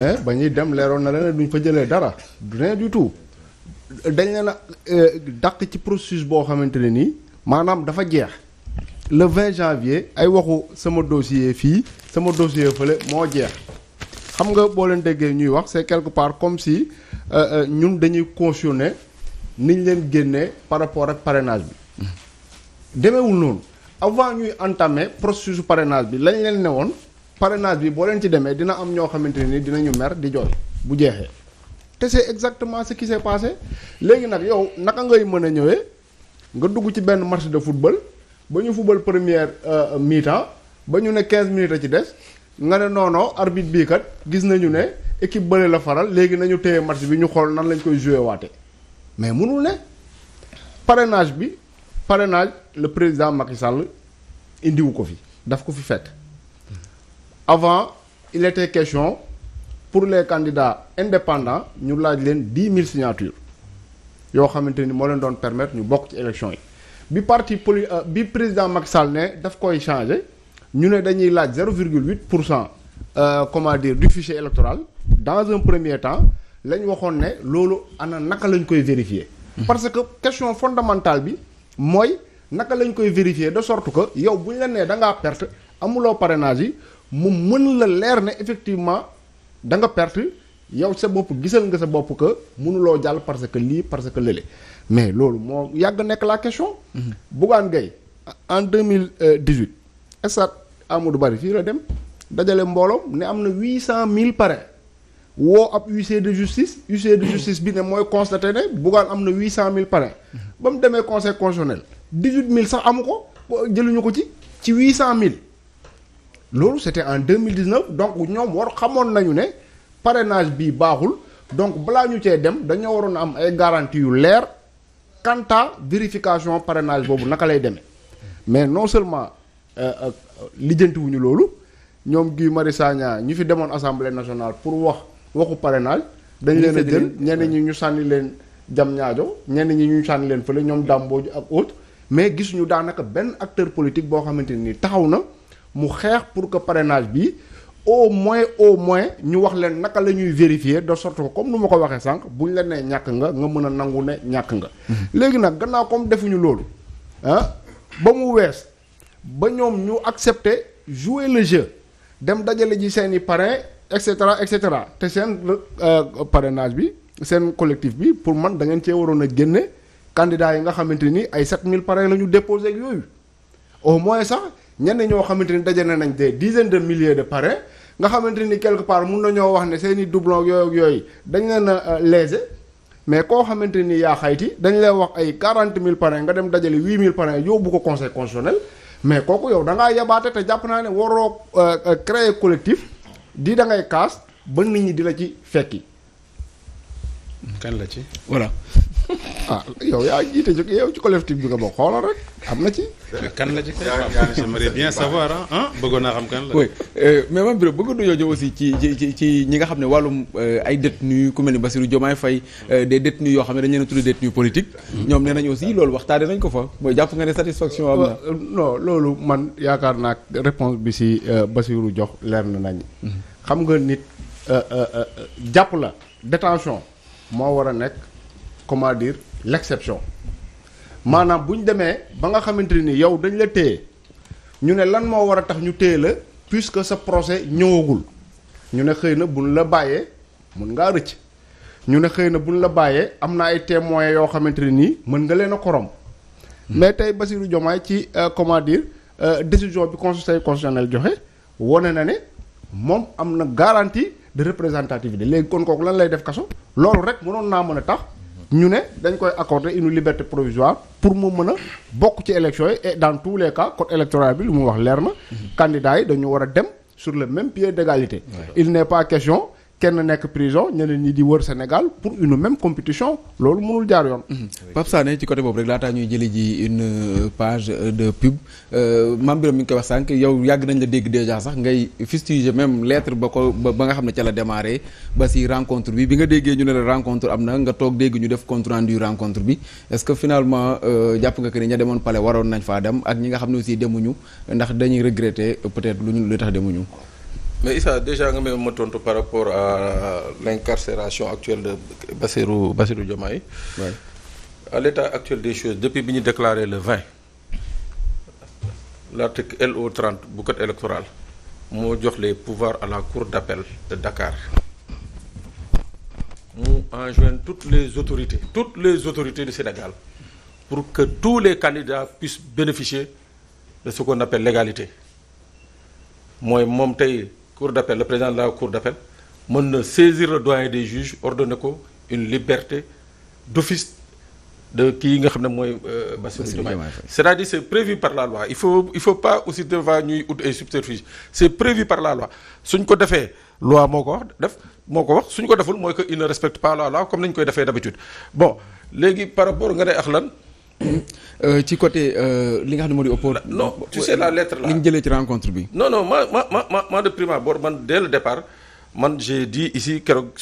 ba ñuy dem leeroon na leen duñ fa jëlee dara rien du tout dañ leen a euh, dàq ci processus boo xamante ne nii maanaam dafa jeex le 20 janvier ay waxu sama dossier fii sama dossier fële moo jeex xam nga boo leen déggee ñuy wax c'est quelque part comme si euh, euh, ñun dañuy cautionner niñ leen génnee par rapport ak parrainage bi demeewul noonu avant ñuy entamer processus parrainage bi lañ leen ne woon parrainage bi boo leen ci demee dina am ñoo xamante ni dinañu mer di jooy bu jeexee te c'est exactement ce qui s'est passé léegi nag yow naka ngay mën a ñëwee nga dugg ci benn match de football ba ñu football première euh, mi-temps ba ñu ne 15 minutes a ci des nga ne non non bii kat gis nañu ne équipe bële la faral léegi nañu téye match bi ñu xool nan lañu koy joué waate mais mënul ne parenage bi parrainage le président Macky Sall indiwu ko fi daf ko fi fekk. avant il était question pour les candidats indépendants ñu laaj leen dix mille signatures yoo xamante ni moo leen doon permettre ñu bokk ci élection yi bi parti poli euh, bi président Macky Sall ne daf koy changer ñu ne dañuy laaj zéro virgule pour cent euh, comment dire du fichier électoral dans un premier temps lañ waxoon ne loolu ana naka lañ koy vérifier. parce que question fondamentale bi mooy naka lañ koy vérifier de sorte que yow bu ñu la nee da ngaa perte amuloo parrainage yi. mu mën la leer ne effectivement da nga perte yow sa bopp gisal nga sa bopp que mënuloo jàll parce que lii parce que lële mais loolu moo yàgg nekk la question. Mhm. Bougane Gueye en deux mille dix-huit stade du bari fii la dem dajale mbooloom ne am na huit cent mille parrain woo ab huissier de justice huissier de justice bi ne mooy constaté ne Bougane am na huit cent mille parrain mhm. ba mu demee conseil constitutionnel dix-huit mille sax amu ko jëluñu ko ci ci huit cent mille. loolu c'était en 2019 donc ñoom war xamoon nañu ne parrainage bi baaxul donc balaa ñu cee dem dañoo waroon am ay garantie yu leer quant à vérification parenage boobu naka lay demee mais non seulement euh, euh, lijjantiwuñu loolu ñoom Guy Marius Sagna ñu fi demoon assemblée nationale pour wax waxu parrainage dañ leen a jël ñenn ñi ñu sànni leen jam ñaajo ñenn ñi ñu sànni leen fële ñoom dàmbooju ak autre mais gisuñu daanaka benn acteur politique boo xamante ni taxaw na mu xeex pour que parrainage bi au moins au moins ñu wax leen naka la ñuy vérifier de sorte que comme nu ma ko waxee sànq bu ñu la nee ñàkk nga nga mën a nangu ne ñàkk nga. Mm-hmm. léegi nag gannaaw comme defuñu loolu ah ba mu wees ba ñoom ñu accepter jouer le jeu dem dajale ji seen i parrain et cetera et cetera te seen euh, parrainage bi seen collective bi pour man da ngeen cee waroon a génne candidats yi nga xamante ni ay 7000 parrain la ñu déposé ak yooyu au moins sax. ñenn ñoo xamante ni dajale nañ des dizaines de milliers de parrains nga xamante ni quelque part mun nañoo wax ne seeni i doublon yooyu yooyu dañ leen a euh, léser mais koo xamante ni yaa xayti dañ lay wax ay quarante mille parrains nga dem dajale huit mille parrains yóbbu ko conseil constitutionnel mais kooku yow da ngaa yabaate te jàpp naa ne waroo euh, euh, créer collectif di da ngay kaas ba nit ñi di la ci fekki. kan la ci voilà. ah yow yaa jiite ci ci collectif bi nga boo xoolal rek am na ci. kan la ci kay j'aimerais bien savoir ah bëggoon naa xam kan la. Euh, mais man Birame aussi ci ci ci ñi nga xam ne wàllum euh, ay détenus ku mel ni Bassirou Diomaye Faye euh, des détenus yoo xam ne dañu leen a tuddee détenus politique. ñoom aussi loolu waxtaanee ko fa mooy jàpp nga ne satisfaction am na. loolu man yaakaar naa réponse bi si Bassirou jox leer na xam nga nit jàpp la détention moo war a nekk comment dire. l'exception maanaam bu ñu demee ba nga xamante nii yow dañ la téye ñu ne lan moo war a tax ñu téye la puisque sa procès ñëwagul ñu ne xëy na buñ la bàyyee mën ngaa rëcc ñu ne xëy na buñ la bàyyee am na ay témoins yoo xamante ne nii mën nga leen a korom mais tey Bassirou jomaay ci euh, comment dire euh, décision bi conseil constitutionnel joxe wane na ne moom am na garanti de représentativité léegi kon kooku lan lay def kaso loolu rek mënoon naa mën a tax. ñu ne dañ koy accorder une liberté provisoire pour mu mën a bokk ci élection yi et dans tous les cas code électoral bi lu mu wax leer na. Mhm. candidats yi dañu war a dem sur le même pied d'égalité. il n'est pas question. kenn nekk prison ñeneen ñi di wër Sénégal pour une même compétition loolu mënul jaar yoon. Mhm. Pape Sané ci côté boobu rek laataa ñuy jëli ji une euh, page euh, de pub euh, maam Birame mi ngi koy wax sànq yow yàgg nañ la dégg déjà sax ngay fustiger même lettre ba ko ba nga xam ne ca la démarré ba si rencontre bi bi nga déggee ñu ne la rencontre am na nga toog dégg ñu def compte rendu rencontre bi est-ce que finalement jàpp nga que ni ña demoon palais waroon nañ faa dem ak ñi nga xam ne aussi demuñu ndax dañuy regretter peut-être lu ñu lu tax demuñu. mais Issa déjà nga may ma par rapport à l'incarcération actuelle de Bassirou Bassirou Diomaye ouais. à l'état actuel des choses depuis bi ñu déclaré le 20 l'article LO 30 bu code électoral moo jox les pouvoirs à la cour d'appel de Dakar mu enjoint toutes les autorités toutes les autorités du Sénégal pour que tous les candidats puissent bénéficier de ce qu'on l'égalité mooy moom tey cour d'appel le président de la cour d'appel mën na saisir le doyen des juges ordonné ko une liberté d'office de kii nga xam ne mooy euh, Bassirou Diomaye c'est-à-dire c'est prévu par la loi il faut il faut pas aussi devant ñuy ut ay subterfuge c'est prévu par la loi suñ ko defee loi moo ko wax def moo ko wax suñ ko deful mooy que il ne respecte par la loi comme nañ koy defee d'habitude bon léegi par rapport nga ne ak lan Euh, ci côté euh, li nga xam ne moo di oppo non tu sais la li ñu jëlee ci rencontre bi non non ma ma ma ma de prime boor man dès le départ man j'ai dit ici keroog